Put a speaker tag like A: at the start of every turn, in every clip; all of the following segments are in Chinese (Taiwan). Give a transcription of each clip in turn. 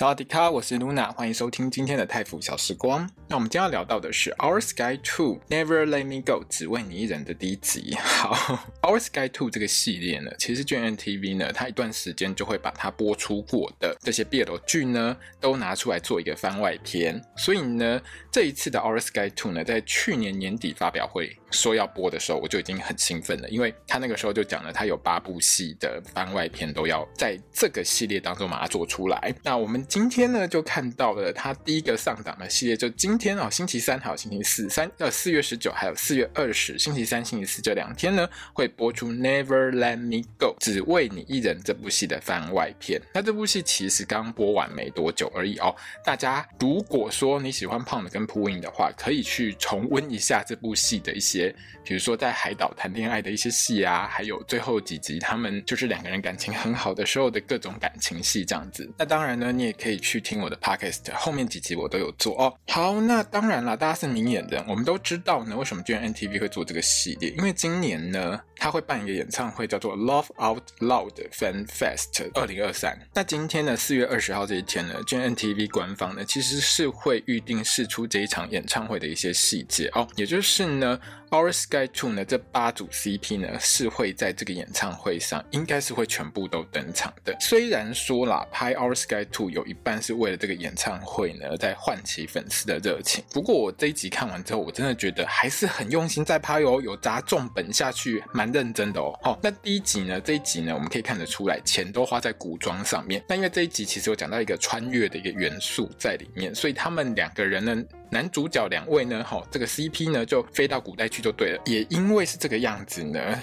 A: 大家好，我是 Luna，歡迎收聽今天的泰腐小時光。那我們今天要聊到的是《Our Sky Two》，Never Let Me Go，只為你一人的第一集。好，《Our Sky Two》這個系列呢，其實 GMMTV 呢，它一段時間就會把它播出過的這些 BL 劇呢，都拿出來做一個番外篇。所以呢，這一次的《Our Sky Two》呢，在去年年底發表會。說要播的時候，我就已經很興奮了，因為他那個時候就講了，他有八部戲的番外篇都要在這個系列當中把它做出來。那我們今天呢，就看到了他第一個上檔的系列，就今天哦，星期三還有星期四，三呃四月十九還有四月二十，星期三、星期四這兩天呢，會播出《Never Let Me Go》，只為你一人這部戲的番外篇。那這部戲其實剛播完沒多久而已哦。大家如果說你喜歡胖的跟朴恩的話，可以去重溫一下這部戲的一些。比如說在海島談戀愛的一些戲啊，還有最後幾集他們就是兩個人感情很好的時候的各種感情戲這樣子。那當然呢，你也可以去聽我的 podcast，後面幾集我都有做哦。好，那當然啦，大家是明眼人，我們都知道呢，為什麼 GMMTV 會做這個系列，因為今年呢，他會辦一個演唱會，叫做 Love Out Loud Fan Fest 二零二三。那今天呢，四月二十號這一天呢，GMMTV 官方呢其實是會預定釋出這一場演唱會的一些細節哦，也就是呢。Our Sky Two 呢？這八組 CP 呢是會在這個演唱會上，應該是會全部都登場的。雖然說啦，拍 Our Sky Two 有一半是為了這個演唱會呢，而在喚起粉絲的熱情。不過我這一集看完之後，我真的覺得還是很用心在拍哦，有砸重本下去，蠻認真的哦。好，哦，那第一集呢？這一集呢，我們可以看得出來，錢都花在古裝上面。那因為這一集其實有講到一個穿越的一個元素在裡面，所以他們兩個人呢。男主角兩位呢？齁，這個 CP 呢就飛到古代去就對了。也因為是這個樣子呢，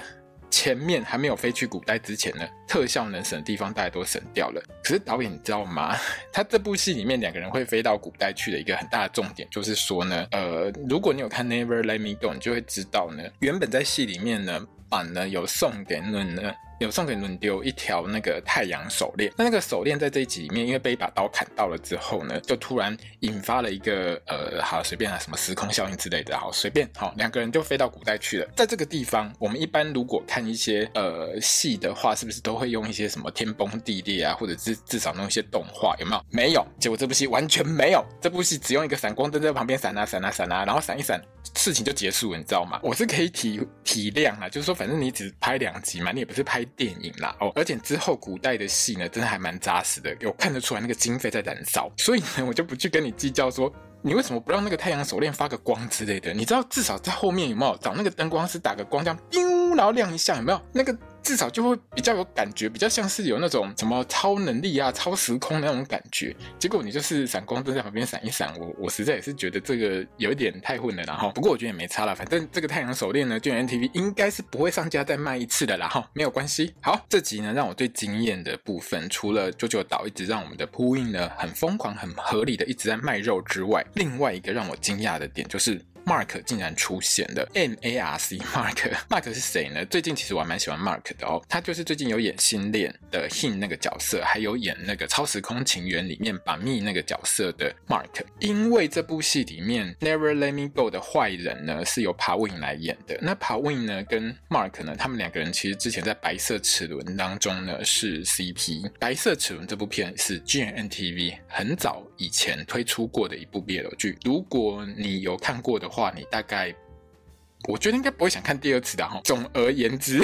A: 前面還沒有飛去古代之前呢，特效能省的地方大家都省掉了。可是導演，你知道嗎？他這部戲裡面兩個人會飛到古代去的一個很大的重點，就是說呢，呃，如果你有看 Never Let Me Go，你就會知道呢，原本在戲裡面呢，版呢有送給那那。有送給人丟一條那個太陽手鏈那那個手鏈在這一集裡面，因為被一把刀砍到了之後呢，就突然引發了一個呃，好隨便啊，什麼時空效應之類的，好隨便，好兩個人就飛到古代去了。在這個地方，我們一般如果看一些呃戲的話，是不是都會用一些什麼天崩地裂啊，或者是至少弄一些動畫，有沒有？沒有。結果這部戲完全沒有，這部戲只用一個閃光燈在旁邊閃啊閃啊閃啊，然後閃一閃，事情就結束了，你知道嗎？我是可以體體諒啊，就是說，反正你只拍兩集嘛，你也不是拍。電影啦哦，而且之後古代的戲呢，真的還蠻扎實的，有看得出來那個經費在燃燒。所以呢，我就不去跟你計較說，你為什麼不讓那個太陽手鏈發個光之類的？你知道至少在後面有沒有找那個燈光師打個光，這樣叮，然後亮一下有沒有那個？至少就會比較有感覺，比較像是有那種什麼超能力啊、超時空的那種感覺。結果你就是閃光燈在旁邊閃一閃，我我實在也是覺得這個有一點太混了，然後不過我覺得也沒差啦，反正這個太陽手鏈呢，就 GMMTV 應該是不會上架再賣一次的啦哈，沒有關係。好，這集呢讓我最驚豔的部分，除了九九島一直讓我們的鋪印呢很瘋狂、很合理的一直在賣肉之外，另外一個讓我驚訝的點就是。Mark 竟然出現了，M A R C Mark，Mark 是誰呢？最近其實我還蠻喜歡 Mark 的哦，他就是最近有演《新戀》的 Hin 那個角色，還有演那個《超時空情緣》裡面板密那個角色的 Mark。因為這部戲裡面《Never Let Me Go》的壞人呢是由 Pawin 來演的，那 Pawin 呢跟 Mark 呢，他們兩個人其實之前在《白色齒輪》當中呢是 CP。《白色齒輪》這部片是 GMMTV 很早以前推出過的一部 BL 劇，如果你有看過的話。話你大概，我覺得應該不會想看第二次的哈、哦。總而言之，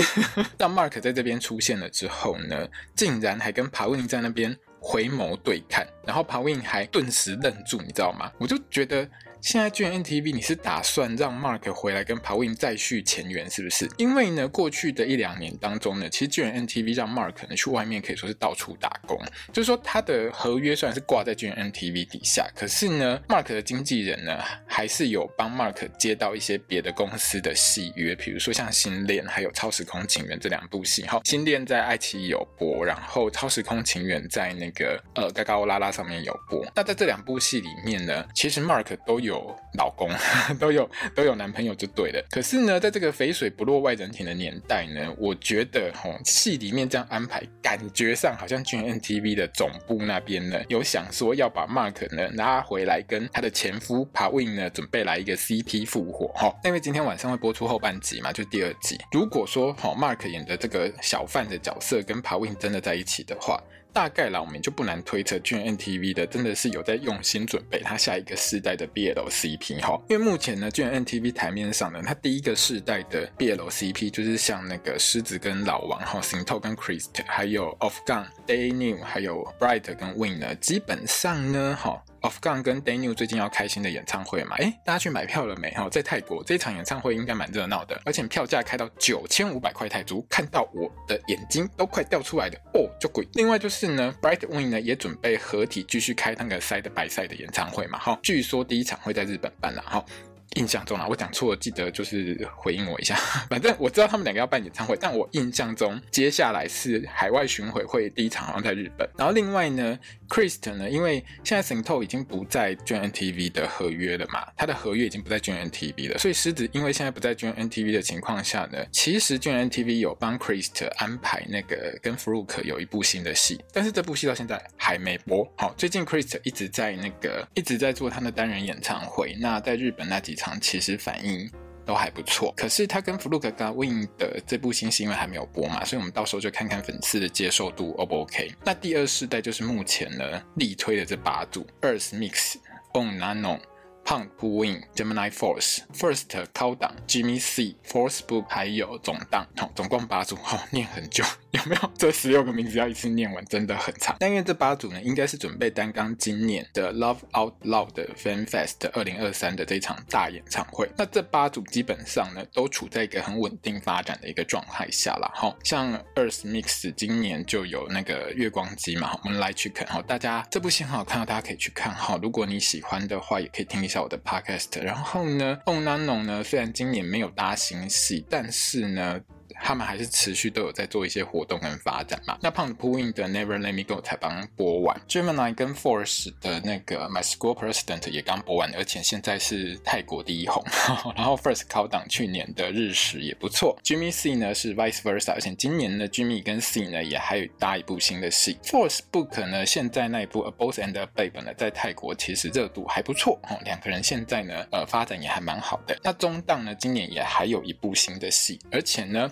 A: 當 Mark 在這邊出現了之後呢，竟然還跟 Powin 在那邊回眸對看，然後 Powin 還頓時愣住，你知道嗎？我就覺得。現在巨人 NTV，你是打算讓 Mark 回來跟 p 運 i n 再續前緣，是不是？因為呢，過去的一兩年當中呢，其實巨人 NTV 讓 Mark 可能去外面可以說是到處打工，就是說他的合約雖然是掛在巨人 NTV 底下，可是呢，Mark 的經紀人呢，還是有幫 Mark 接到一些別的公司的戲約，比如說像《新戀》還有《超時空情緣》這兩部戲。哈，《新戀》在愛奇藝有播，然後《超時空情緣》在那個呃，嘎嘎烏拉拉上面有播。那在這兩部戲裡面呢，其實 Mark 都有。有老公都有都有男朋友就對了。可是呢，在這個肥水不落外人田的年代呢，我覺得吼戲、哦、裡面這樣安排，感覺上好像 GMMTV 的總部那邊呢，有想說要把 Mark 呢拉回來，跟他的前夫 Powin 呢準備來一個 CP 復活哈、哦。因為今天晚上會播出後半集嘛，就第二集。如果說吼、哦、Mark 演的這個小販的角色跟 Powin 真的在一起的話，大概啦，我們就不難推測，GMMTV 的真的是有在用心準備他下一個世代的 BLCP 哈、哦。因為目前呢，GMMTV 台面上呢，他第一個世代的 BLCP 就是像那個獅子跟老王哈 Singto 跟 Krist，還有 Off Gun、Day New，還有 Bright 跟 Win 呢基本上呢，好、哦。Off Gun 跟 Daniel 最近要開新的演唱會嘛。哎，大家去買票了沒？哈，在泰國這場演唱會應該蠻熱鬧的，而且票價開到九千五百塊泰銖，看到我的眼睛都快掉出來的哦，就貴。另外就是呢 BrightWin 呢也準備合體繼續開那個 Side by Side 的演唱會嘛。哈，據說第一場會在日本辦了。哈，印象中啊，我講錯了，記得就是回應我一下。反正我知道他們兩個要辦演唱會，但我印象中接下來是海外巡回會第一場好像在日本，然後另外呢。Krist 呢？因為現在 Saint 已經不在 GMMTV 的合約了嘛，他的合約已經不在 GMMTV 了。所以獅子因為現在不在 GMMTV 的情況下呢，其實 GMMTV 有幫 Krist 安排那個跟 Fluke 有一部新的戲，但是這部戲到現在還沒播。好，最近 Krist 一直在那個一直在做他的單人演唱會。那在日本那幾場其實反應。都還不錯，可是他跟《Fluke Gawin》的這部新戲，因為還沒有播嘛，所以我們到時候就看看粉絲的接受度 O、哦、不 OK？那第二世代就是目前呢力推的這八組：Earth Mix、Ohm Nanon、胖撲 Win、Gemini Fourth、First 高檔、Jimmy Sea、Force Book，還有總檔、哦，總共八組哈、哦，念很久。有沒有這十六個名字要一次念完？真的很長。但願這八組呢，應該是準備擔綱今年的 Love Out Loud 的 Fan Fest 二零二三的這場大演唱會。那這八組基本上呢，都處在一個很穩定發展的一個狀態下啦哈、哦。像 Earth Mix 今年就有那個月光雞嘛，我們來去看哈。大家這部戲很好看，大家可以去看哈、哦。如果你喜歡的話，也可以聽一下我的 podcast。然後呢 Ohm Nanon 呢，雖然今年沒有搭新戲，但是呢。他們還是持續都有在做一些活動跟發展嘛。那 Pond Phuwin 的 Never Let Me Go 才剛播完，Gemini 跟 Force 的那個 My School President 也剛播完，而且現在是泰國第一紅。 然後 First Khaotung 去年的日食也不錯。Jimmy Sea 呢是 Vice Versa，而且今年呢 Jimmy 跟 Sea 呢也還有搭一部新的戲。Force Book 呢現在那一部 A Boss and a Babe 呢在泰國其實熱度還不錯，哦、嗯，兩個人現在呢呃發展也還蠻好的。那中檔呢今年也還有一部新的戲，而且呢。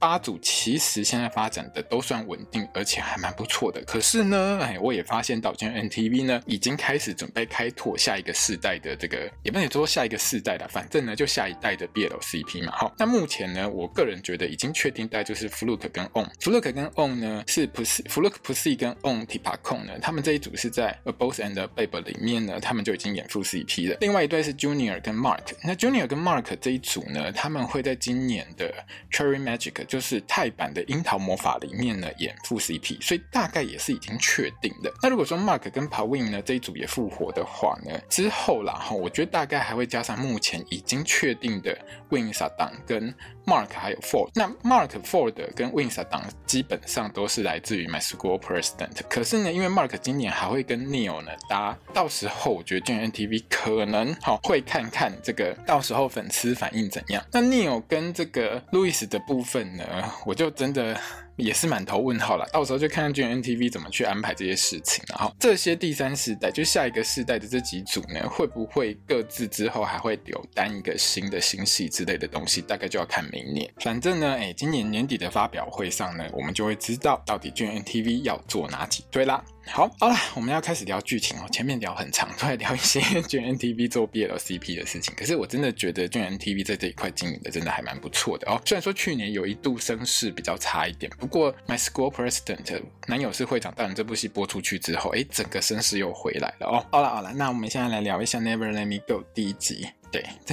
A: 八組其實現在發展的都算穩定，而且還蠻不錯的。可是呢，哎，我也發現到，現在 NTV 呢已經開始準備開拓下一個世代的這個，也不能說下一個世代了，反正呢就下一代的 BLCP 嘛。好，那目前呢，我個人覺得已經確定帶就是 Fluke 跟 On Fluke。Fluke 跟 On 呢是不是 Fluke Pussy 跟 On Tippa 控呢？他們這一組是在《A Boss and a Babe》裡面呢，他們就已經演副 CP 了。另外一對是 Junior 跟 Mark。那 Junior 跟 Mark 這一組呢，他們會在今年的《Cherry Magic》。就是泰版的《櫻桃魔法》裡面呢演副 CP，所以大概也是已經確定的。那如果說 Mark 跟 Powin 呢這一組也復活的話呢，之後啦哈、哦，我覺得大概還會加上目前已經確定的 WinSatang 跟 Mark 還有 Ford。那 Mark Ford 跟 WinSatang 基本上都是來自於 My School President。可是呢，因為 Mark 今年還會跟 Neo 呢搭，到時候我覺得 GMMTV 可能好、哦、會看看這個到時候粉絲反應怎樣。那 Neo 跟這個路易斯的部分呢？Uh, 我就真的，也是滿頭問號啦，到時候就看看 GMMTV 怎麼去安排這些事情，然後這些第三世代就下一個世代的這幾組呢，會不會各自之後還會有單一個新的新戲之類的東西？大概就要看明年。反正呢，哎、欸，今年年底的發表會上呢，我們就會知道到底 GMMTV 要做哪幾對啦。好，好啦，我們要開始聊劇情哦、喔。前面聊很長，都在聊一些 GMMTV 做 B L C P 的事情，可是我真的覺得 GMMTV 在這一塊經營的真的還蠻不錯的哦、喔。雖然說去年有一度聲勢比較差一點，不過 My School President 男友是會長，但這部戲播出去之後，誒整個聲勢又回來了哦。好了好了，那我們現在來聊一下 Never Let Me Go 第一集。對，這，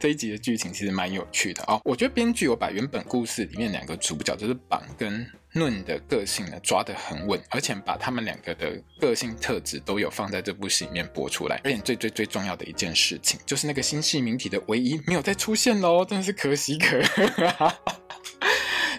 A: 這一集的劇情其實蠻有趣的哦。我覺得編劇有把原本故事裡面兩個主角，就是綁跟嫩的個性呢抓得很穩，而且把他們兩個的個性特質都有放在這部戲裡面播出來。而且最最最重要的一件事情，就是那個新系名體的唯一沒有再出現嘍，真的是可喜可賀。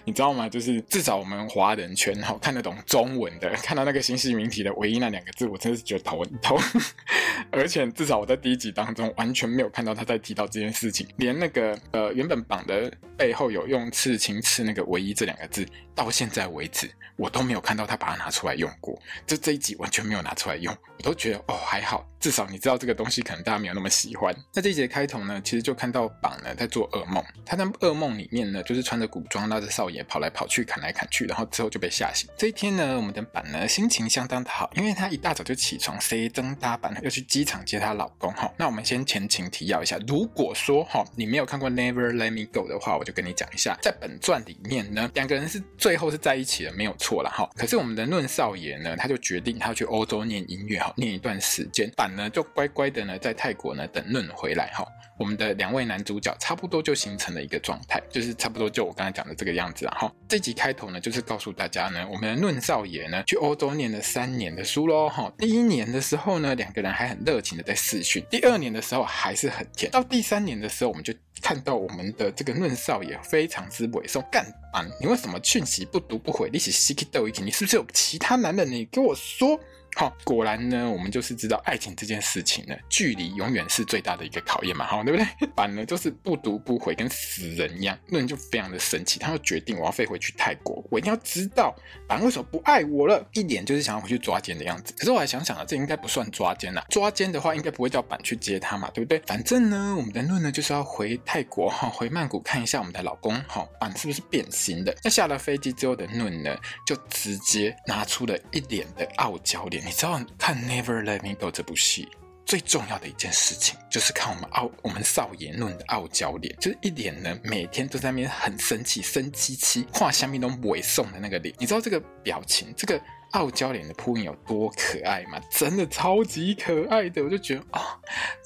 A: 你知道嗎？就是至少我們華人圈好看得懂中文的，看到那個新式名題的唯一那兩個字，我真的是覺得頭頭。 而且至少我在第一集當中完全沒有看到他在提到這件事情，連那個呃原本綁的背後有用刺青刺那個唯一這兩個字，到現在為止我都沒有看到他把它拿出來用過。就這一集完全沒有拿出來用，我都覺得哦還好。至少你知道這個東西可能大家沒有那麼喜歡。那這一節開頭呢，其實就看到榜呢在做噩夢，他的噩夢裡面呢，就是穿着古裝拉着少爺跑來跑去砍來砍去，然後之後就被嚇醒。這一天呢，我們的板呢心情相當的好，因為他一大早就起床，塞登搭板要去機場接他老公。哈，那我們先前情提要一下，如果說哈你沒有看過 Never Let Me Go 的話，我就跟你講一下，在本傳裡面呢，兩個人是最後是在一起的，沒有錯了哈。可是我們的論少爺呢，他就決定他要去歐洲念音樂，哈念一段時間，就乖乖的呢，在泰國呢等論回來哈。我們的兩位男主角差不多就形成了一個狀態，就是差不多就我剛才講的這個樣子啊。這集開頭呢，就是告訴大家呢，我們的論少爺呢去歐洲念了三年的書嘍。第一年的時候呢，兩個人還很熱情的在視訊。第二年的時候還是很甜；到第三年的時候，我們就看到我們的這個論少爺非常之猥瑣。幹安、啊，你為什麼訊息不讀不回？你是西奇鬥魚？你是不是有其他男人？你給我說。好、哦，果然呢，我們就是知道愛情這件事情呢，距離永遠是最大的一個考驗嘛，哈、哦，對不對？板呢就是不讀不回，跟死人一樣，論就非常的生氣，他就決定我要飛回去泰國，我一定要知道板為什麼不愛我了，一臉就是想要回去抓奸的樣子。可是我還想想啊，這應該不算抓奸了、啊，抓奸的話應該不會叫板去接他嘛，對不對？反正呢，我們的論呢就是要回泰國哈、哦，回曼谷看一下我們的老公哈、哦，板是不是變心的？那下了飛機之後的論呢，就直接拿出了一臉的傲嬌臉。你知道看《Never Let Me Go》這部戲最重要的一件事情，就是看我們傲、我們少爺弄的傲嬌臉，就是一臉呢，每天都在那邊很生氣、生氣氣、畫下面都偽送的那個臉。你知道這個表情、這個傲嬌臉的投影有多可愛嗎？真的超級可愛的，我就覺得哦，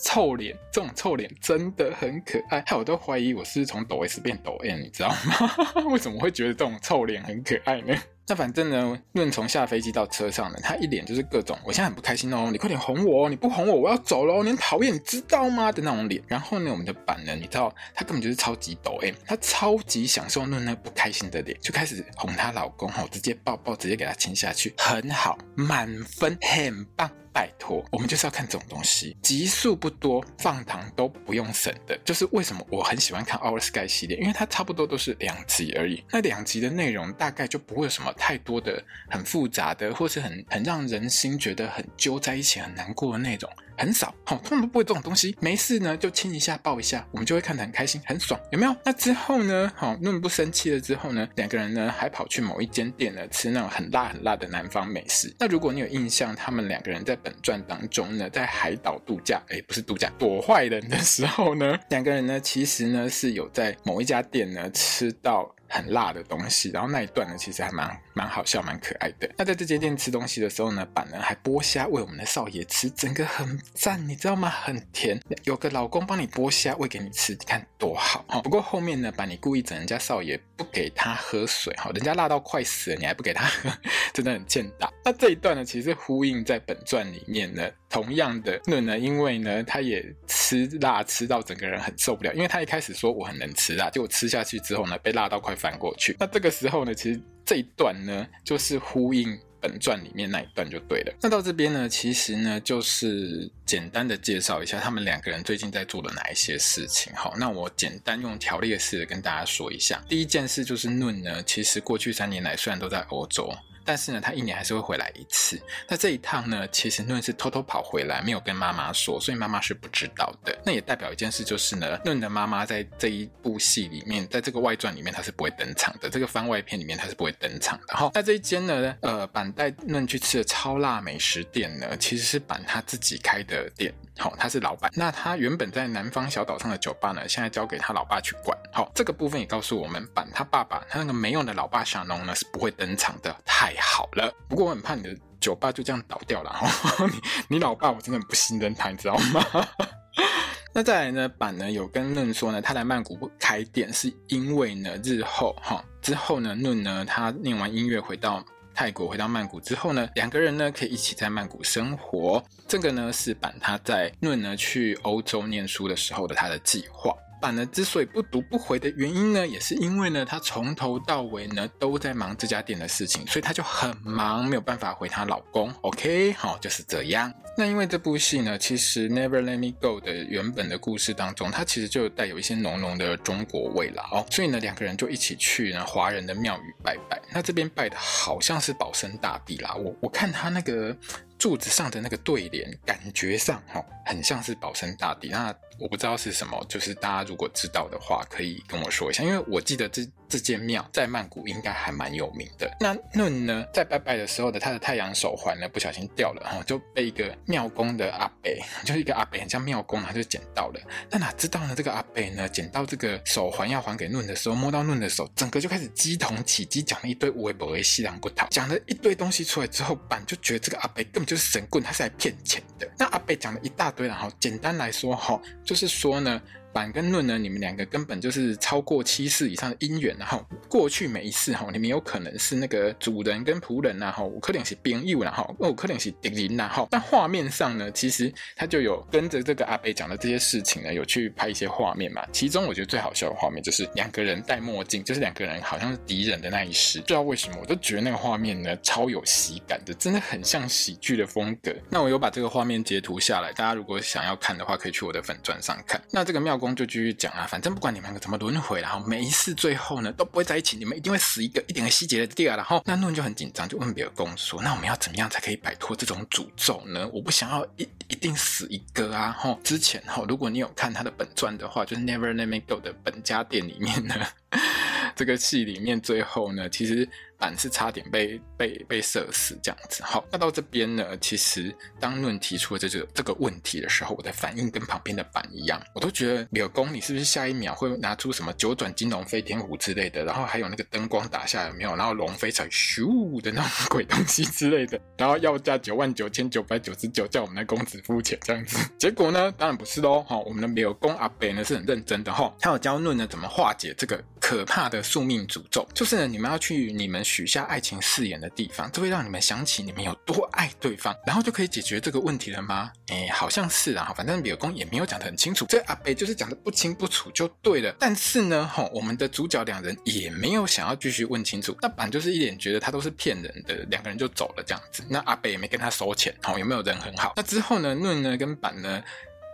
A: 臭臉這種臭臉真的很可愛，還有我都懷疑我是，是從抖 S 變抖 N，你知道嗎？為什麼會覺得這種臭臉很可愛呢？那反正呢，論從下飛機到車上呢，他一臉就是各種，我現在很不開心哦，你快點哄我哦，你不哄我，我要走嘍，你討厭，你知道嗎？的那種臉。然後呢，我們的板呢，你知道，他根本就是超級抖哎，他超級享受論那不開心的臉，就開始哄她老公哈，直接抱抱，直接給他親下去，很好，滿分，很棒。拜託，我們就是要看這種東西，集數不多，放糖都不用省的。就是為什麼我很喜歡看《Our Skyy》系列，因為它差不多都是兩集而已。那兩集的內容大概就不會有什麼太多的很複雜的，或是很很讓人心覺得很揪在一起、很難過的那種。很少，好、哦，他們都不會這種東西。沒事呢，就親一下，抱一下，我們就會看得很開心，很爽，有沒有？那之後呢，好、哦，那麼不生氣了之後呢，兩個人呢還跑去某一間店呢吃那種很辣很辣的南方美食。那如果你有印象，他們兩個人在本傳當中呢，在海島度假，誒、欸，不是度假，躲壞人的時候呢，兩個人呢其實呢是有在某一家店呢吃到。很辣的東西，然後那一段呢，其實還蠻蠻好笑，蠻可愛的。那在這間店吃東西的時候呢，板娘還剝蝦餵我們的少爺吃，整個很讚，你知道嗎？很甜，有個老公幫你剝蝦餵給你吃，你看多好啊，哦！不過後面呢，板娘故意整人家少爺不給他喝水，哈，人家辣到快死了，你還不給他喝，呵呵，真的很欠打。那這一段呢，其實呼應在本傳裡面呢。同樣的，嫩呢，因為呢，他也吃辣吃到整個人很受不了，因為他一開始說我很能吃辣，結果吃下去之後呢，被辣到快翻過去。那這個時候呢，其實這一段呢，就是呼應本傳裡面那一段就對了。那到這邊呢，其實呢，就是簡單的介紹一下他們兩個人最近在做的哪一些事情。好，那我簡單用條列式的跟大家說一下。第一件事就是嫩呢，其實過去三年來雖然都在歐洲。但是呢，他一年還是會回來一次。那這一趟呢，其實嫩是偷偷跑回來，沒有跟媽媽說，所以媽媽是不知道的。那也代表一件事，就是呢，嫩的媽媽在這一部戲裡面，在這個外傳裡面，她是不會登場的。這個番外篇裡面，她是不會登場的。好、哦，那這一間呢，呃，板帶嫩去吃的超辣美食店呢，其實是板他自己開的店。好、哦，他是老板。那他原本在南方小島上的酒吧呢，現在交給他老爸去管。好、哦，這個部分也告訴我們，板他爸爸，他那個沒用的老爸小農呢，是不會登場的。太。好了，不過我很怕你的酒吧就這樣倒掉了呵呵，你，你老爸，我真的很不信任他，你知道嗎？ 那再來呢？板呢有跟論說呢，他來曼谷不開店是因為呢，日後哈之後呢，論呢他念完音樂回到泰國，回到曼谷之後呢，兩個人呢可以一起在曼谷生活。這個呢是板他在論呢去歐洲念書的時候的他的計劃。版呢，之所以不讀不回的原因呢，也是因為呢，他從頭到尾呢都在忙這家店的事情，所以他就很忙，沒有辦法回他老公。OK，好，哦，就是這樣。那因為這部戲呢，其實《Never Let Me Go》的原本的故事當中，它其實就帶有一些濃濃的中國味道哦，所以呢，兩個人就一起去呢華人的廟宇拜拜。那這邊拜的好像是保生大帝啦，我我看他那個。柱子上的那個對聯，感覺上哈很像是保生大帝。那我不知道是什麼，就是大家如果知道的話，可以跟我說一下，因為我記得這。這間廟在曼谷應該還蠻有名的。那嫩呢，在拜拜的時候的他的太陽手環呢，不小心掉了，哦、就被一個廟公的阿伯，就是一個阿伯，很像廟公，他就撿到了。那哪知道呢，這個阿伯呢，撿到這個手環要還給嫩的時候，摸到嫩的手，整個就開始乩童起乩，講了一堆維伯維西洋古套，講了一堆東西出來之後，板就覺得這個阿伯根本就是神棍，他是來騙錢的。那阿伯講了一大堆，然、哦、後簡單來說哈、哦，就是說呢。板根論呢？你們兩個根本就是超過七世以上的姻緣，然後過去每一世哈，你們有可能是那個主人跟僕人吶、啊，哈，我可能是朋友啦，哈，我可能是敵人然、啊、後但畫面上呢，其實他就有跟着這個阿北講的這些事情呢，有去拍一些畫面嘛。其中我覺得最好笑的畫面就是兩個人戴墨鏡，就是兩個人好像是敵人的那一世。不知道為什麼，我都覺得那個畫面呢，超有喜感的，真的很像喜劇的風格。那我有把這個畫面截圖下來，大家如果想要看的話，可以去我的粉專上看。那這個廟。公就繼續講啊，反正不管你們兩個怎麼輪迴，然後每一次最後呢都不會在一起，你們一定會死一個，一點的細節的地方，然後那路人就很緊張，就問別的公說：“那我們要怎麼樣才可以擺脫這種詛咒呢？我不想要一一定死一個啊！”哈，之前哈，如果你有看他的本傳的話，就是 Never Let Me Go 的本家店裡面呢， 這個戲裡面最後呢，其實。板是差點被被被射死這樣子，好，那到這邊呢，其實當論提出了這個這個問題的時候，我的反應跟旁邊的板一樣，我都覺得廟公你是不是下一秒會拿出什麼九轉金龍飛天虎之類的，然後還有那個燈光打下來有沒有，然後龍飛彩咻的那種鬼東西之類的，然後要價九萬九千九百九十九，叫我們的公子付錢這樣子，結果呢，當然不是嘍，好、哦，我們的廟公阿北呢是很認真的哈、哦，他要教論呢怎麼化解這個可怕的宿命詛咒，就是呢你們要去你們許下愛情誓言的地方，這會讓你們想起你們有多愛對方，然後就可以解決這個問題了嗎？哎，好像是啊，反正爾公也沒有講得很清楚，這阿北就是講得不清不楚就對了。但是呢，吼，我們的主角兩人也沒有想要繼續問清楚，那板就是一臉覺得他都是騙人的，兩個人就走了這樣子。那阿北也沒跟他收錢，哦，有沒有人很好？那之後呢，論呢跟板呢，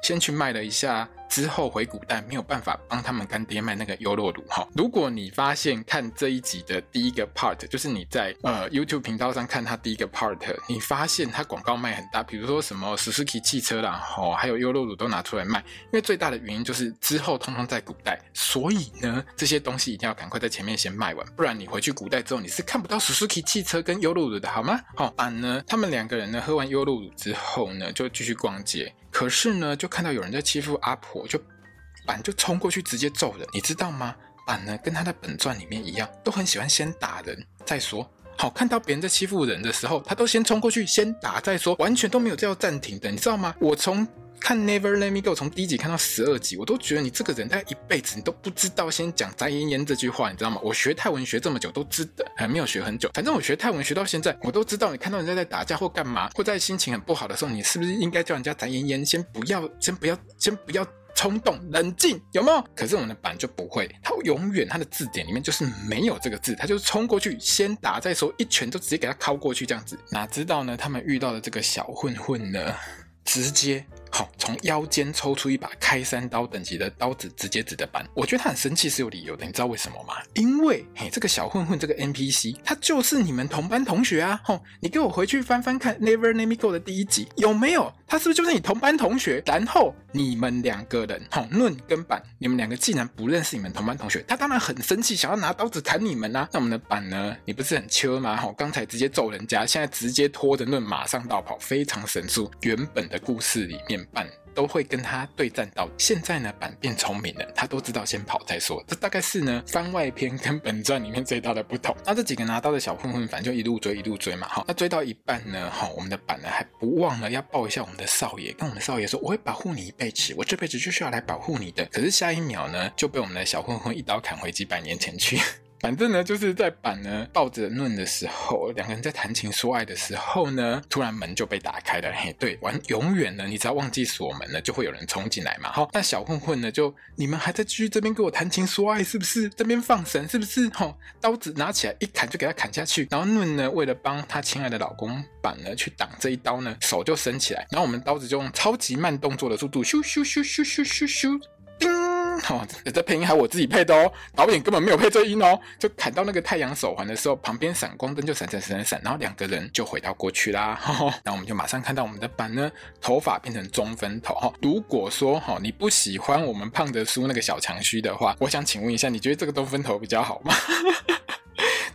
A: 先去賣了一下，之後回古代沒有辦法幫他們乾爹賣那個優酪乳哈、哦。如果你發現看這一集的第一個 part，就是你在呃 YouTube 頻道上看他第一個 part，你發現他廣告賣很大，比如說什麼 Suzuki 汽車啦，哦，還有優酪乳都拿出來賣，因為最大的原因就是之後通通在古代，所以呢，這些東西一定要趕快在前面先賣完，不然你回去古代之後你是看不到 Suzuki 汽車跟優酪乳的，好嗎？哦，俺、啊、呢，他們兩個人呢，喝完優酪乳之後呢，就繼續逛街。可是呢，就看到有人在欺負阿婆，就板就衝過去直接揍人，你知道嗎？板呢跟他的本傳裡面一樣，都很喜歡先打人再說。好，看到別人在欺負人的時候，他都先衝過去先打再說，完全都沒有這樣暫停的，你知道嗎？我從看 Never Let Me Go，從第一集看到十二集，我都覺得你這個人，大概一輩子你都不知道先講翟煙煙這句話，你知道嗎？我學泰文學這麼久，都知的，還沒有學很久。反正我學泰文學到現在，我都知道，你看到人家在打架或幹嘛，或在心情很不好的時候，你是不是應該叫人家翟煙煙先不要，先不要，先不要衝動，冷靜，有沒有？可是我們的版就不會，他永遠他的字典裡面就是沒有這個字，他就衝過去先打再說，一拳就直接給他敲過去這樣子。哪知道呢？他們遇到的這個小混混呢，直接。好，從腰間抽出一把開山刀等級的刀子，直接指着板。我覺得他很生氣是有理由的，你知道為什麼嗎？因為嘿，這個小混混這個 NPC 他就是你們同班同學啊！哼、哦，你給我回去翻翻看《Never Let Me Go》的第一集，有沒有？他是不是就是你同班同學？然後你們兩個人好論、哦、跟板，你們兩個竟然不認識你們同班同學，他當然很生氣，想要拿刀子砍你們啊！那我們的板呢？你不是很缺嗎？好、哦，剛才直接揍人家，現在直接拖着論馬上逃跑，非常神速。原本的故事裡面。板都會跟他對戰到現在呢，板變聰明了，他都知道先跑再說。這大概是呢番外篇跟本傳裡面最大的不同。那這幾個拿刀的小混混，反正就一路追一路追嘛，哈，那追到一半呢，哈，我們的板呢還不忘了要抱一下我們的少爺，跟我們少爺說，我會保護你一輩子，我這輩子就是要來保護你的。可是下一秒呢，就被我們的小混混一刀砍回幾百年前去。反正呢，就是在板呢抱着嫩的時候，兩個人在談情說愛的時候呢，突然門就被打開了。嘿，對，玩，永遠呢，你只要忘記鎖門了，就會有人衝進來嘛。哈、哦，那小混混呢，就你們還在繼續這邊給我談情說愛是不是？這邊放閃是不是？哈、哦，刀子拿起來一砍就給他砍下去，然後嫩呢為了幫他親愛的老公板呢去擋這一刀呢，手就伸起來，然後我們刀子就用超級慢動作的速度咻咻，咻咻咻咻咻咻咻，叮。好、哦，這配音還我自己配的哦，導演根本沒有配這音哦。就砍到那個太陽手環的時候，旁邊閃光燈就閃閃閃閃閃，閃，然後兩個人就回到過去啦、啊。然那我們就馬上看到我們的板呢，頭髮變成中分頭。哦、如果說哈、哦，你不喜歡我們胖德叔那個小長鬚的話，我想請問一下，你覺得這個中分頭比較好嗎？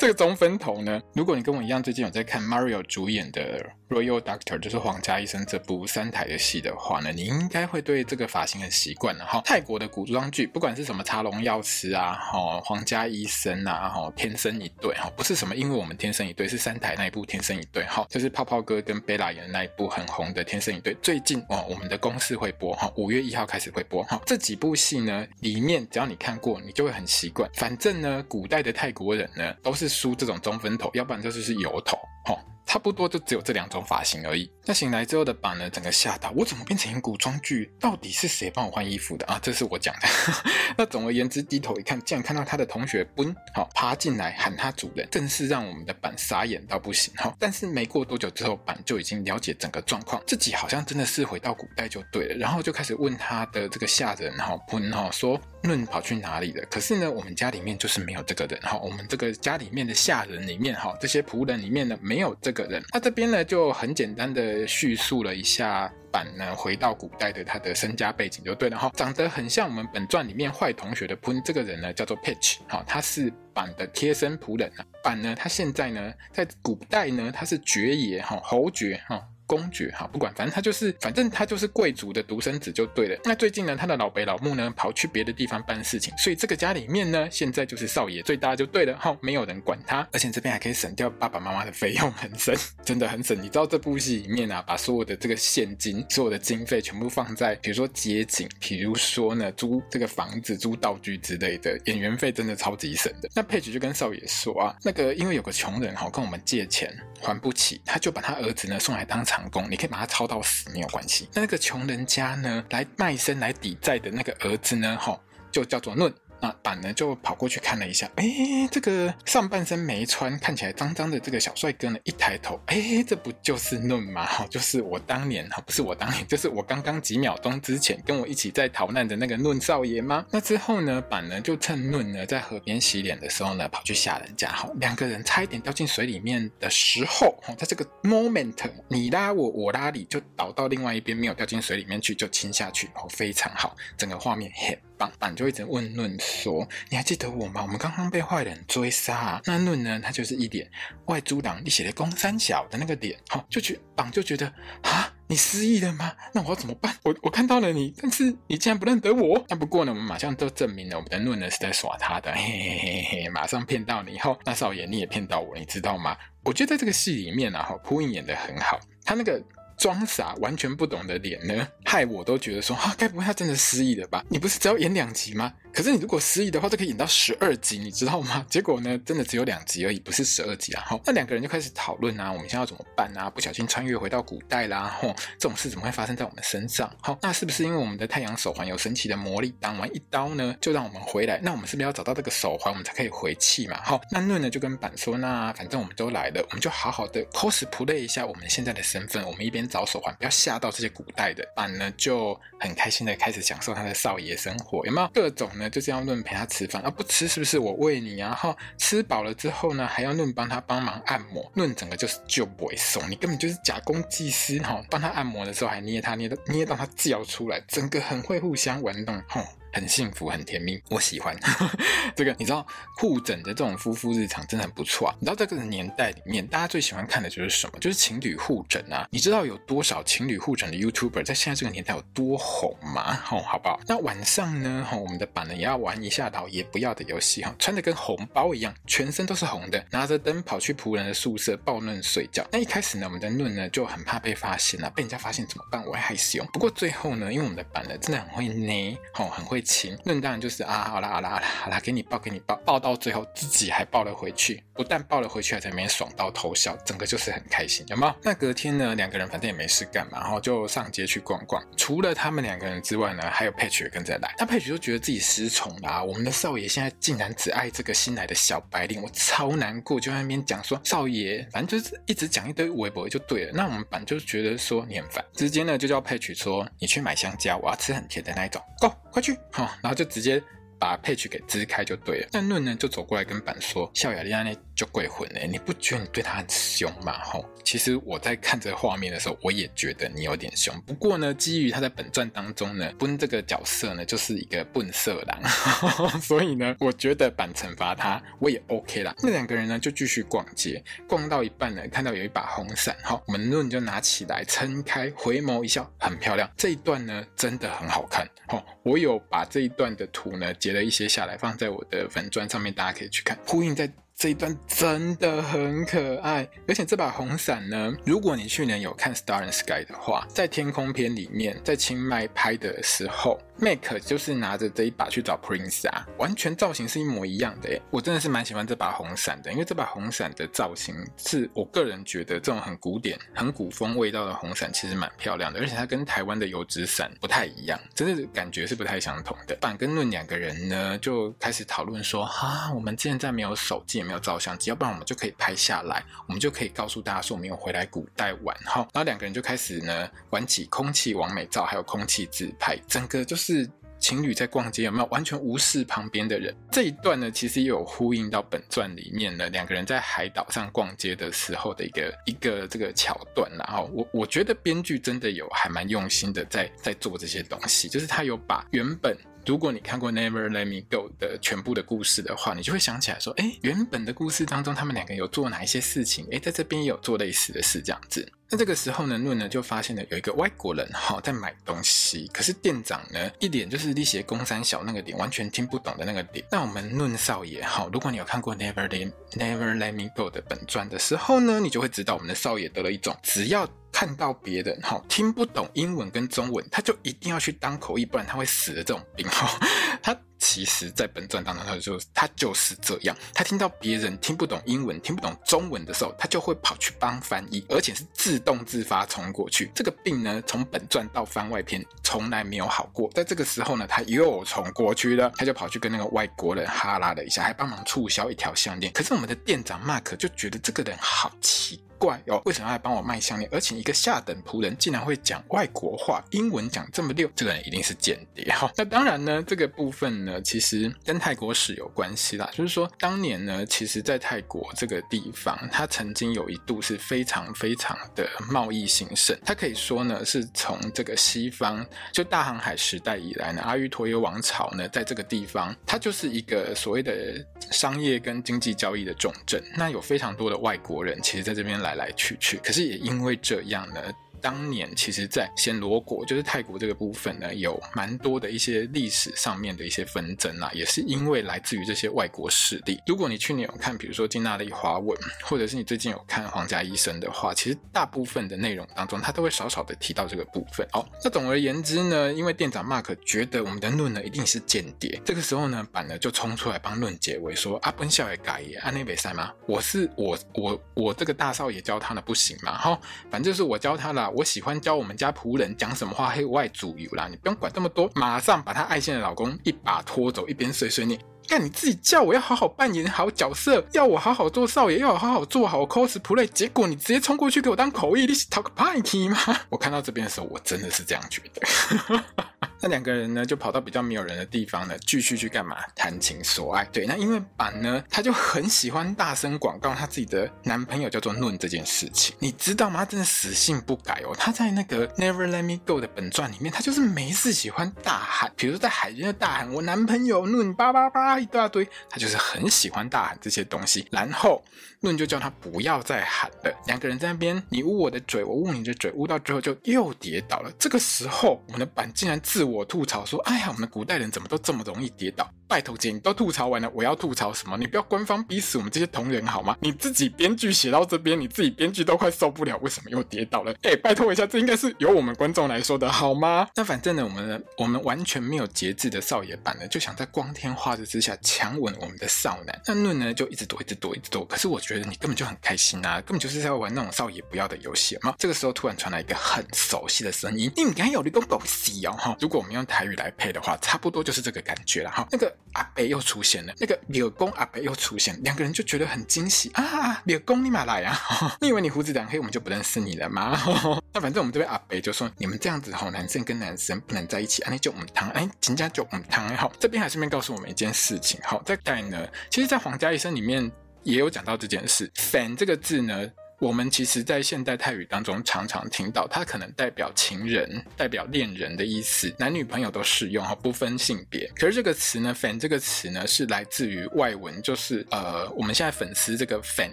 A: 這個中分頭呢，如果你跟我一樣最近有在看 Mario 主演的《Royal Doctor》，就是《皇家醫生》這部三台的戲的話呢，你應該會對這個髮型很習慣的哈、哦。泰國的古裝劇，不管是什麼茶龍藥師啊，哈、哦，皇家醫生啊，哈、哦，天生一對哈、哦，不是什麼因為我們天生一對，是三台那一部《天生一對》哈、哦，就是泡泡哥跟貝拉演那一部很紅的《天生一對》。最近哦，我們的公視會播哈，五、哦、月一號開始會播哈、哦。這幾部戲呢，裡面只要你看過，你就會很習慣。反正呢，古代的泰國人呢，都是。梳這種中分頭，要不然就是是油頭，吼，差不多就只有這兩種髮型而已。那醒來之後的板呢，整個嚇到，我怎麼變成一個古裝劇？到底是誰幫我換衣服的啊？這是我講的。 那總而言之，低頭一看，竟然看到他的同學奔，好爬進來喊他主人，真是讓我們的板傻眼到不行，吼。但是沒過多久之後，板就已經了解整個狀況，自己好像真的是回到古代就對了，然後就開始問他的這個下人，哈，奔，哈說。論跑去哪裡了？可是呢，我們家裡面就是沒有這個人。哈，我們這個家裡面的下人裡面，哈，這些僕人裡面呢，沒有這個人。那這邊呢，就很簡單的敘述了一下板呢回到古代的他的身家背景就對了。哈，長得很像我們本傳裡面壞同學的僕，這個人呢叫做 Pitch。哈，他是板的貼身僕人。板呢，他現在呢，在古代呢，他是爵爺哈，侯爵哈。哦公爵，好，不管，反正他就是，反正他就是貴族的獨生子就對了。那最近呢，他的老爸老母呢跑去別的地方辦事情，所以這個家裡面呢現在就是少爺最大就對了，好，沒有人管他，而且這邊還可以省掉爸爸媽媽的費用，很省，真的很省。你知道這部戲裡面啊，把所有的這個現金，所有的經費全部放在比如說街景，比如說呢租這個房子、租道具之類的演員費，真的超級省的。那配角就跟少爺說啊，那個因為有個窮人好跟我們借錢還不起，他就把他兒子呢送來當差。你可以把它抄到死，沒有關係。那那個窮人家呢，來賣身來抵債的那個兒子呢，吼，就叫做嫩。那、啊、板呢就跑過去看了一下，哎，這個上半身沒穿，看起來髒髒的這個小帥哥呢，一抬頭，哎，這不就是嫩嗎？哈，就是我當年哈，不是我當年，就是我剛剛幾秒鐘之前跟我一起在逃難的那個嫩少爺嗎？那之後呢，板呢就趁嫩呢在河邊洗臉的時候呢，跑去嚇人家，哈，兩個人差一點掉進水裡面的時候，哈，在這個 moment，你拉我，我拉你，就倒到另外一邊，沒有掉進水裡面去，就親下去，哦，非常好，整個畫面，嘿。綁，綁就一直問論說，你還記得我嗎？我們剛剛被壞人追殺、啊。那論呢？他就是一臉外族黨你寫的公三小的那個臉、哦、就去綁，綁就覺得啊，你失憶了嗎？那我要怎麼辦？我我看到了你，但是你竟然不認得我。那不過呢，我們馬上都證明了，我們的論呢是在耍他的，嘿嘿嘿嘿。馬上騙到你以後，那少爺你也騙到我，你知道嗎？我覺得這個戲裡面呢、啊，哈，蒲英演得很好，他那個。裝傻完全不懂的臉呢？害我都覺得說，啊，該不會他真的失憶了吧？你不是只要演兩集嗎？可是你如果失憶的話，這可以演到十二集，你知道嗎？結果呢，真的只有兩集而已，不是十二集啦。好、哦，那兩個人就開始討論啊，我們現在要怎麼辦啊？不小心穿越回到古代啦，吼、哦，這種事怎麼會發生在我們身上？好、哦，那是不是因為我們的太陽手環有神奇的魔力，擋完一刀呢，就讓我們回來？那我們是不是要找到這個手環，我們才可以回去嘛？好、哦，那潤呢就跟板說，那反正我們都來了，我們就好好的 cosplay 一下我們現在的身份，我們一邊找手環，不要嚇到這些古代的。板呢，就很開心的開始享受他的少爺生活，有沒有各種？.就這、是、樣論陪他吃飯，而、啊、不吃是不是我餵你，啊？然後吃飽了之後呢，還要論幫他幫忙按摩。論整個就是就不會鬆，你根本就是假公濟私哈。幫他按摩的時候還捏他，捏到捏到他叫出來，整個很會互相玩弄哈。很幸福，很甜蜜，我喜歡 這個。你知道互整的這種夫婦日常真的很不錯啊。你知道這個年代裡面大家最喜歡看的就是什麼？就是情侶互整啊。你知道有多少情侶互整的 YouTuber 在現在這個年代有多紅嗎？哦，好不好？那晚上呢？哈、哦，我們的板呢也要玩一下“老爺不要”的遊戲哈、哦，穿的跟紅包一樣，全身都是紅的，拿着燈跑去僕人的宿舍抱嫩睡覺。那一開始呢，我們的嫩呢就很怕被發現啊，被人家發現怎麼辦？我會害羞。不過最後呢，因為我們的板呢，真的很會捏，哈、哦，很會。情，那當然就是啊，好啦，好啦，好啦，好啦，給你抱，給你抱，抱到最後自己還抱了回去，不但抱了回去，還在那邊爽到偷笑，整個就是很開心，有沒有？那隔天呢，兩個人反正也沒事幹嘛，然後就上街去逛逛。除了他們兩個人之外呢，還有佩奇也跟着來。那佩奇就覺得自己失寵啦，我們的少爺現在竟然只愛這個新來的小白領，我超難過，就在那邊講說少爺，反正就是一直講一堆微博就對了。那我們反正就覺得說你很煩，直接呢就叫佩奇說你去買香蕉，我要吃很甜的那一種，Go，快去。好、哦，然後就直接把配曲給支開就對了。但論呢就走過來跟板說：“笑雅莉安呢？就鬼混誒，你不覺得你對他很凶嗎？”哈、哦，其實我在看這畫面的時候，我也覺得你有點凶。不過呢，基於他在本傳當中呢，笨這個角色呢就是一個笨色狼，呵呵呵，所以呢，我覺得板懲罰他我也 OK 啦。那兩個人呢就繼續逛街，逛到一半呢，看到有一把紅傘，哈、哦，我們論就拿起來撐開，回眸一笑，很漂亮。這一段呢真的很好看，哈、哦。我有把這一段的圖呢截了一些下來，放在我的粉專上面，大家可以去看，呼應在。這一段真的很可愛，而且這把紅傘呢，如果你去年有看《Star and Sky》的話，在天空篇裡面，在清邁拍的時候，Mac 就是拿着這一把去找 Prince 啊，完全造型是一模一樣的哎，我真的是蠻喜歡這把紅傘的，因為這把紅傘的造型是我個人覺得這種很古典、很古風味道的紅傘其實蠻漂亮的，而且它跟台灣的油紙傘不太一樣，真的感覺是不太相同的。板根論兩個人呢就開始討論說，啊，哈，我們現在沒有手機。要照相機，要不然我們就可以拍下來，我們就可以告訴大家說我們有回來古代玩哈。然後兩個人就開始呢玩起空氣網美照，還有空氣自拍，整個就是情侶在逛街，有沒有完全無視旁邊的人？這一段呢，其實也有呼應到本傳裡面呢，兩個人在海島上逛街的時候的一個一個這個橋段。然後我我覺得編劇真的有還蠻用心的在，在在做這些東西，就是他有把原本。如果你看過《Never Let Me Go》的全部的故事的話，你就會想起來說，誒原本的故事當中他們兩個有做哪一些事情？誒在這邊也有做類似的事，事這樣子。那這個時候呢，論呢就發現了有一個外國人哈、哦、在買東西，可是店長呢一臉就是你咧工三小那個臉，完全聽不懂的那個臉。那我們論少爺哈、哦，如果你有看過《Never Let Never Let Me Go》的本傳的時候呢，你就會知道我們的少爺得了一種只要。看到別人哈聽不懂英文跟中文，他就一定要去當口譯，不然他會死的這種病哈。 他其實，在本傳當中、就是，他就他就是這樣。他聽到別人聽不懂英文、聽不懂中文的時候，他就會跑去幫翻譯，而且是自動自發衝過去。這個病呢，從本傳到番外篇從來沒有好過。在這個時候呢，他又衝過去了，他就跑去跟那個外國人哈拉了一下，還幫忙促銷一條項鏈。可是我們的店長 Mark 就覺得這個人好奇。怪哦，為什麼要來幫我賣項鏈？而且一個下等僕人竟然會講外國話，英文講這麼溜，這個人一定是間諜哈哦！那當然呢，這個部分呢，其實跟泰國史有關係啦。就是說，當年呢，其實在泰國這個地方，它曾經有一度是非常非常的貿易興盛。它可以說呢，是從這個西方就大航海時代以來呢，阿瑜陀耶王朝呢，在這個地方，它就是一個所謂的商業跟經濟交易的重鎮。那有非常多的外國人，其實在這邊來。來來去去，可是也因為這樣呢。當年其實，在暹羅國，就是泰國這個部分呢，有蠻多的一些歷史上面的一些紛爭啊，也是因為來自於這些外國勢力。如果你去年有看，比如說《金納麗華文》，或者是你最近有看《皇家醫生》的話，其實大部分的內容當中，他都會少少的提到這個部分。哦，那總而言之呢，因為店長 Mark 覺得我們的論呢一定是間諜，這個時候呢，板呢就衝出來幫論解圍說，說啊，本少爺改耶安內北塞嗎？我是我我我這個大少爺教他的不行嗎？好、哦、反正是我教他了。我喜歡教我們家僕人講什麼話，黑外主母啦，你不用管這麼多，馬上把她愛心的老公一把拖走，一邊碎碎念。看，你自己叫我要好好扮演好角色，要我好好做少爺，要我好好做好 cosplay。結果你直接衝過去給我當口譯，你是 talk party 嗎？ 我看到這邊的時候，我真的是這樣覺得。 那兩個人呢，就跑到比較沒有人的地方呢，繼續去幹嘛？談情說愛。對，那因為板呢，他就很喜歡大聲廣告他自己的男朋友叫做 Nun。這件事情，你知道嗎？他真的死性不改哦。他在那個 Never Let Me Go 的本傳裡面，他就是沒事喜歡大喊，比如說在海邊的大喊我男朋友 Nun 叭叭叭。Nun, 巴巴巴一大堆，他就是很喜歡大喊這些東西。然後，論就叫他不要再喊了。兩個人在那邊，你捂我的嘴，我捂你的嘴，捂到之後就又跌倒了。這個時候，我們的板竟然自我吐槽說：“哎呀，我們的古代人怎麼都這麼容易跌倒？”拜託姐，你都吐槽完了，我要吐槽什麼？你不要官方逼死我們這些同人好嗎？你自己編劇寫到這邊，你自己編劇都快受不了，為什麼又跌倒了？哎、欸，拜託一下，這應該是由我們觀眾來說的好嗎？那反正呢，我們呢我們完全沒有節制的少爺版呢，就想在光天化日之下強吻我們的少男。那論呢就一直躲，一直躲，一直躲。可是我覺得你根本就很開心啊，根本就是在玩那種少爺不要的遊戲嘛。這個時候突然傳來一個很熟悉的聲音，你敢有這種狗血哦？哈，如果我們用台語來配的話，差不多就是這個感覺了哈。那個。阿北又出現了，那個柳公阿北又出現了，兩個人就覺得很驚喜啊！柳公你馬來啊呵呵！你以為你鬍子染黑，我們就不認識你了嗎？那 反正我們這邊阿北就說：你們這樣子，男生跟男生不能在一起，那就唔談，哎，人家就唔談。好，這邊還順便告訴我們一件事情，好，再來呢，其實在《皇家醫生》裡面也有講到這件事，“fan” 這個字呢。我們其實，在現代泰語當中，常常聽到它可能代表情人、代表戀人的意思，男女朋友都適用，哈，不分性別。可是這個詞呢，“fan” 這個詞呢，是來自於外文，就是呃，我們現在粉絲這個 “fan”。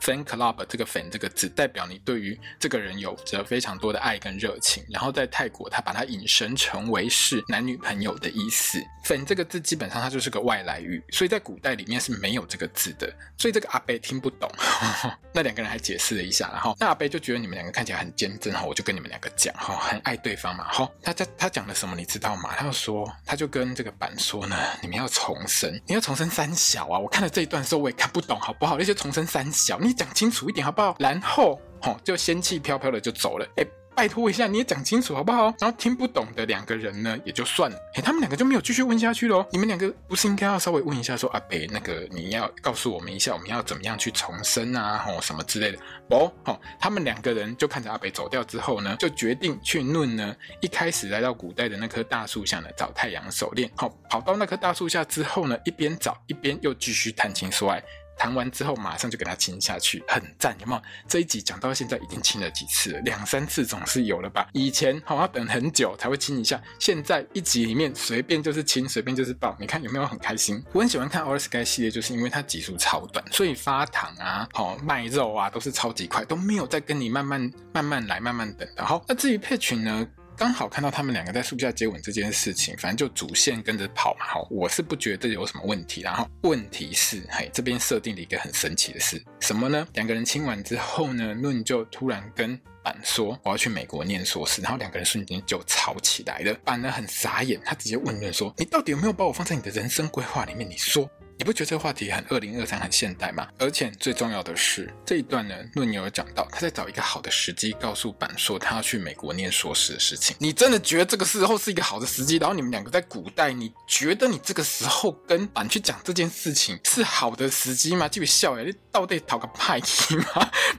A: fan club 這個粉這個字代表你對於這個人有着非常多的愛跟熱情，然後在泰國他把它引申成為是男女朋友的意思。粉這個字基本上它就是個外來語，所以在古代裡面是沒有這個字的，所以這個阿伯聽不懂。呵呵，那兩個人還解釋了一下了，然後那阿伯就覺得你們兩個看起來很堅貞哈，我就跟你們兩個講哈，很愛對方嘛哈。他他他講了什麼你知道嗎？他就說他就跟這個板說呢，你們要重生，你要重生三小啊！我看了這一段時候我也看不懂好不好？那就重生三小。你講清楚一點好不好？然後，吼就仙氣飄飄的就走了。哎，拜託一下，你也講清楚好不好？然後聽不懂的兩個人呢，也就算了。哎，他們兩個就沒有繼續問下去咯、哦、你們兩個不是應該要稍微問一下說，說阿北那個你要告訴我們一下，我們要怎麼樣去重生啊？哦，什麼之類的。哦，他們兩個人就看着阿北走掉之後呢，就決定去論呢。一開始來到古代的那棵大樹下呢，找太陽手鏈。哦，跑到那棵大樹下之後呢，一邊找一邊又繼續談情說愛。彈完之後馬上就給它親下去，很贊，有沒有？這一集講到現在已經親了幾次了，兩三次總是有了吧？以前好要、哦、等很久才會親一下，現在一集裡面隨便就是親，隨便就是抱，你看有沒有很開心？我很喜歡看 Our Skyy 系列，就是因為它集數超短，所以發糖啊、好、哦、賣肉啊都是超級快，都沒有在跟你慢慢慢慢來、慢慢等的。好，那至於配群呢？剛好看到他們兩個在樹下接吻這件事情，反正就主線跟着跑嘛，好，我是不覺得這有什麼問題。然後問題是，嘿，這邊設定了一個很神奇的事，什麼呢？兩個人親完之後呢，論就突然跟板說，我要去美國念碩士，然後兩個人瞬間就吵起來了。板呢很傻眼，他直接問論說，你到底有沒有把我放在你的人生規劃裡面？你說。你不覺得這個話題很二零二三，很現代嗎？而且最重要的是，這一段呢，論有講到他在找一個好的時機，告訴板說他要去美國念碩士的事情。你真的覺得這個時候是一個好的時機？然後你們兩個在古代，你覺得你這個時候跟板去講這件事情是好的時機嗎？就笑誒，你到底討個派系嗎？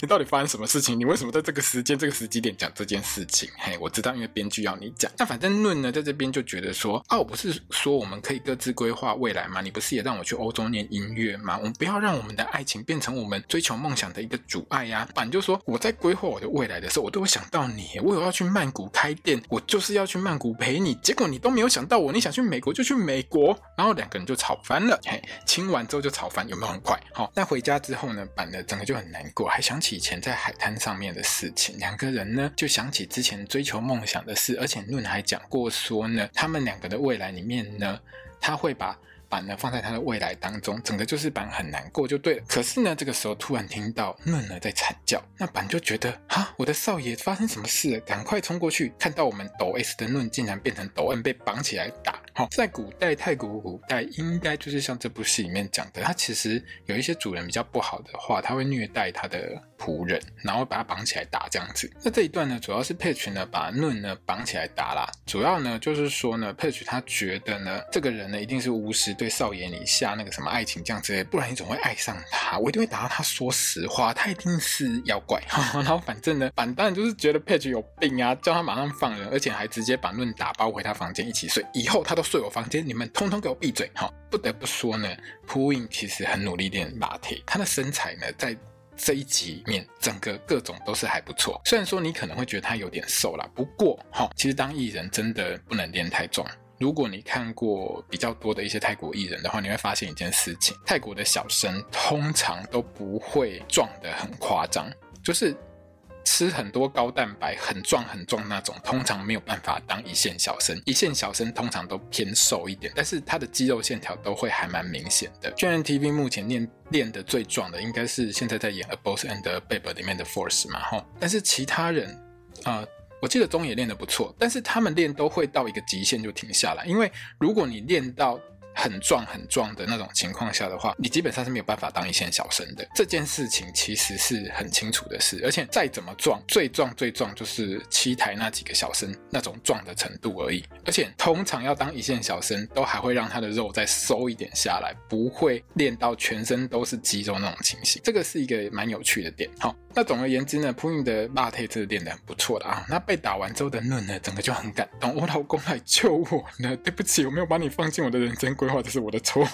A: 你到底發生什麼事情？你為什麼在這個時間、這個時機點講這件事情？嘿，我知道，因為編劇要你講。但反正論呢，在這邊就覺得說，啊，我不是說我們可以各自規劃未來嗎？你不是也讓我去歐？中年音樂嘛，我們不要讓我們的愛情變成我們追求夢想的一個阻礙呀。板就說我在規劃我的未來的時候，我都會想到你。我有要去曼谷開店，我就是要去曼谷陪你。結果你都沒有想到我，你想去美國就去美國，然後兩個人就吵翻了。嘿，親完之後就吵翻，有沒有很快？好，那回家之後呢，板呢整個就很難過，還想起以前在海灘上面的事情。兩個人呢就想起之前追求夢想的事，而且論還講過說呢，他們兩個的未來裡面呢，他會把。板呢放在他的未來當中，整個就是板很難過就對了。可是呢，這個時候突然聽到嫩呢在慘叫，那板就覺得哈，我的少爺發生什麼事了？趕快衝過去，看到我們抖 S 的嫩竟然變成抖 N 被綁起來打。哦、在古代，泰國古、古代應該就是像這部戲裡面講的，他其實有一些主人比較不好的話，他會虐待他的僕人，然後把他綁起來打這樣子。那這一段呢，主要是 Page 呢把論呢綁起來打啦。主要呢就是說呢，Page 他覺得呢，這個人呢一定是巫師對少爺你下那個什麼愛情降之類，不然你總會愛上他。我一定會打到他說實話，他一定是妖怪。呵呵，然後反正呢，反正就是覺得 Page 有病啊，叫他馬上放人，而且還直接把論打包回他房間一起睡，以後他都。睡我房間，你們通通給我閉嘴！哈，不得不說呢，Phuwin 其實很努力練馬踢。他的身材呢，在這一集裡面整個各種都是還不錯。雖然說你可能會覺得他有點瘦啦，不過哈，其實當藝人真的不能練太重。如果你看過比較多的一些泰國藝人的話，你會發現一件事情：泰國的小生通常都不會壯得很誇張，就是，吃很多高蛋白，很壯很壯那種，通常沒有辦法當一線小生。一線小生通常都偏瘦一點，但是他的肌肉線條都會還蠻明顯的。GMMTV 目前練練的最壯的應該是現在在演《A Boss and a Babe》裡面的 Force 嘛，哈。但是其他人啊、呃，我記得中野練得不錯，但是他們練都會到一個極限就停下來，因為如果你練到。很壯很壯的那種情況下的話，你基本上是沒有辦法當一線小生的。這件事情其實是很清楚的事，而且再怎麼壯，最壯最壯就是七台那幾個小生那種壯的程度而已。而且通常要當一線小生，都還會讓他的肉再收一點下來，不會練到全身都是肌肉那種情形。這個是一個蠻有趣的點。好，那總而言之呢，Phuwin 的這腿是練得很不錯的啊。那被打完之後的嫩呢，整個就很感動。我、哦、老公來救我呢，對不起，我沒有把你放進我的人生軌。這是我的錯。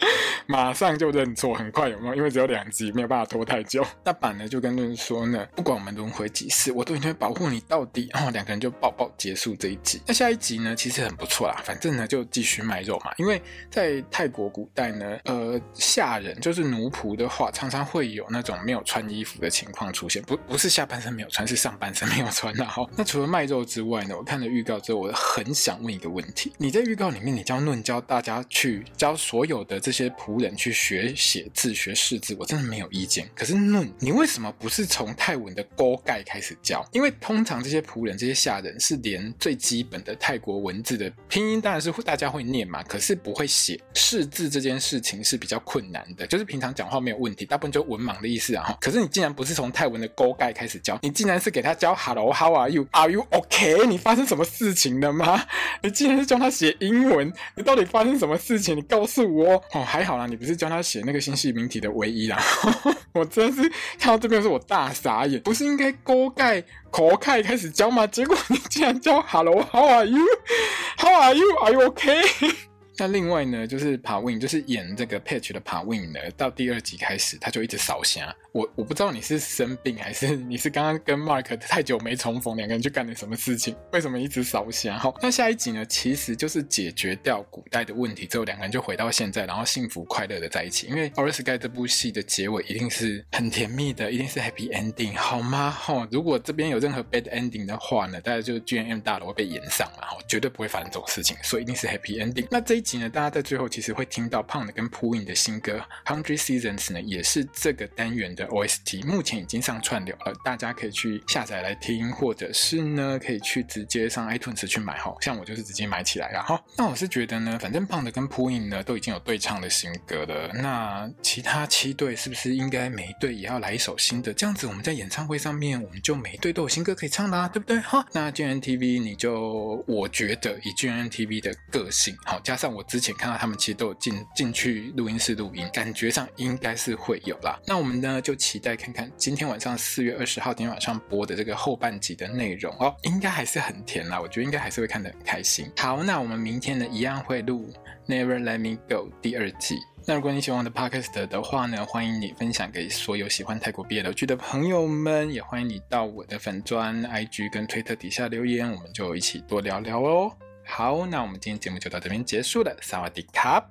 A: 馬上就認錯，很快有沒有？因為只有兩集，沒有辦法拖太久。那 板，呢就跟論說呢，不管我們輪迴幾世，我都應該保護你到底。然後兩個人就抱抱結束這一集。那下一集呢其實很不錯啦，反正呢就繼續賣肉嘛。因為在泰國古代呢，呃，下人就是奴僕的話，常常會有那種沒有穿衣服的情況出現。不，不是下半身沒有穿，是上半身沒有穿。那除了賣肉之外呢，我看了預告之後，我很想問一個問題：你在預告裡面，你教論教大家去教所有的。這些僕人去學寫字、學識字，我真的沒有意見。可是，嫩，你為什麼不是從泰文的高蓋開始教？因為通常這些僕人、這些下人是連最基本的泰國文字的拼音，當然是大家會念嘛。可是不會寫識字這件事情是比較困難的，就是平常講話沒有問題，大部分就文盲的意思啊。可是你竟然不是從泰文的高蓋開始教，你竟然是給他教 “hello”，“how are you”，“are you okay”？你發生什麼事情了嗎？你竟然是教他寫英文？你到底發生什麼事情？你告訴我。哦，還好啦，你不是教他寫那個星系名體的唯一啦， 我真是看到這邊是我大傻眼，不是應該勾蓋，口蓋開始教嗎？結果你竟然教 Hello，How are you？How are you？Are you okay？那另外呢，就是 Pawin，就是演這個 patch 的 Pawin 呢。到第二集開始他就一直燒香。我我不知道你是生病還是你是剛剛跟 Mark 太久沒重逢，兩個人去幹點什麼事情，為什麼一直燒香？哈、哦，那下一集呢，其實就是解決掉古代的問題之後，兩個人就回到現在，然後幸福快樂的在一起。因為 Our Skyy 這部戲的結尾一定是很甜蜜的，一定是 happy ending，好嗎？哈、哦，如果這邊有任何 bad ending 的話呢，大家就 GMM 大樓會被炎上了，哈，絕對不會發生這種事情，所以一定是 happy ending。那這一集。呢，大家在最後其實會聽到胖的跟 Phuwin 的新歌《Hundred Seasons》呢，也是這個單元的 OST，目前已經上串流了，大家可以去下載來聽，或者是呢，可以去直接上 iTunes 去買，哈，像我就是直接買起來了，哈。那我是覺得呢，反正胖的跟 Phuwin 呢都已經有對唱的新歌了，那其他七隊是不是應該每隊也要來一首新的？這樣子我們在演唱會上面，我們就每隊都有新歌可以唱啦，對不對？哈，那 GMMTV 你就我覺得以 GMMTV 的個性，好加上我。我之前看到他們其實都有進進去錄音室錄音，感覺上應該是會有啦。那我們呢就期待看看今天晚上四月二十號今天晚上播的這個後半集的內容哦，應該還是很甜啦，我覺得應該還是會看得很開心。好，那我們明天呢一樣會錄《Never Let Me Go》第二季。那如果你喜歡我的 podcast 的話呢，歡迎你分享給所有喜歡泰國 BL 的劇的朋友們，也歡迎你到我的粉專、IG 跟推特底下留言，我們就一起多聊聊哦。好，那我們今天節目就到這邊結束了，薩瓦迪卡。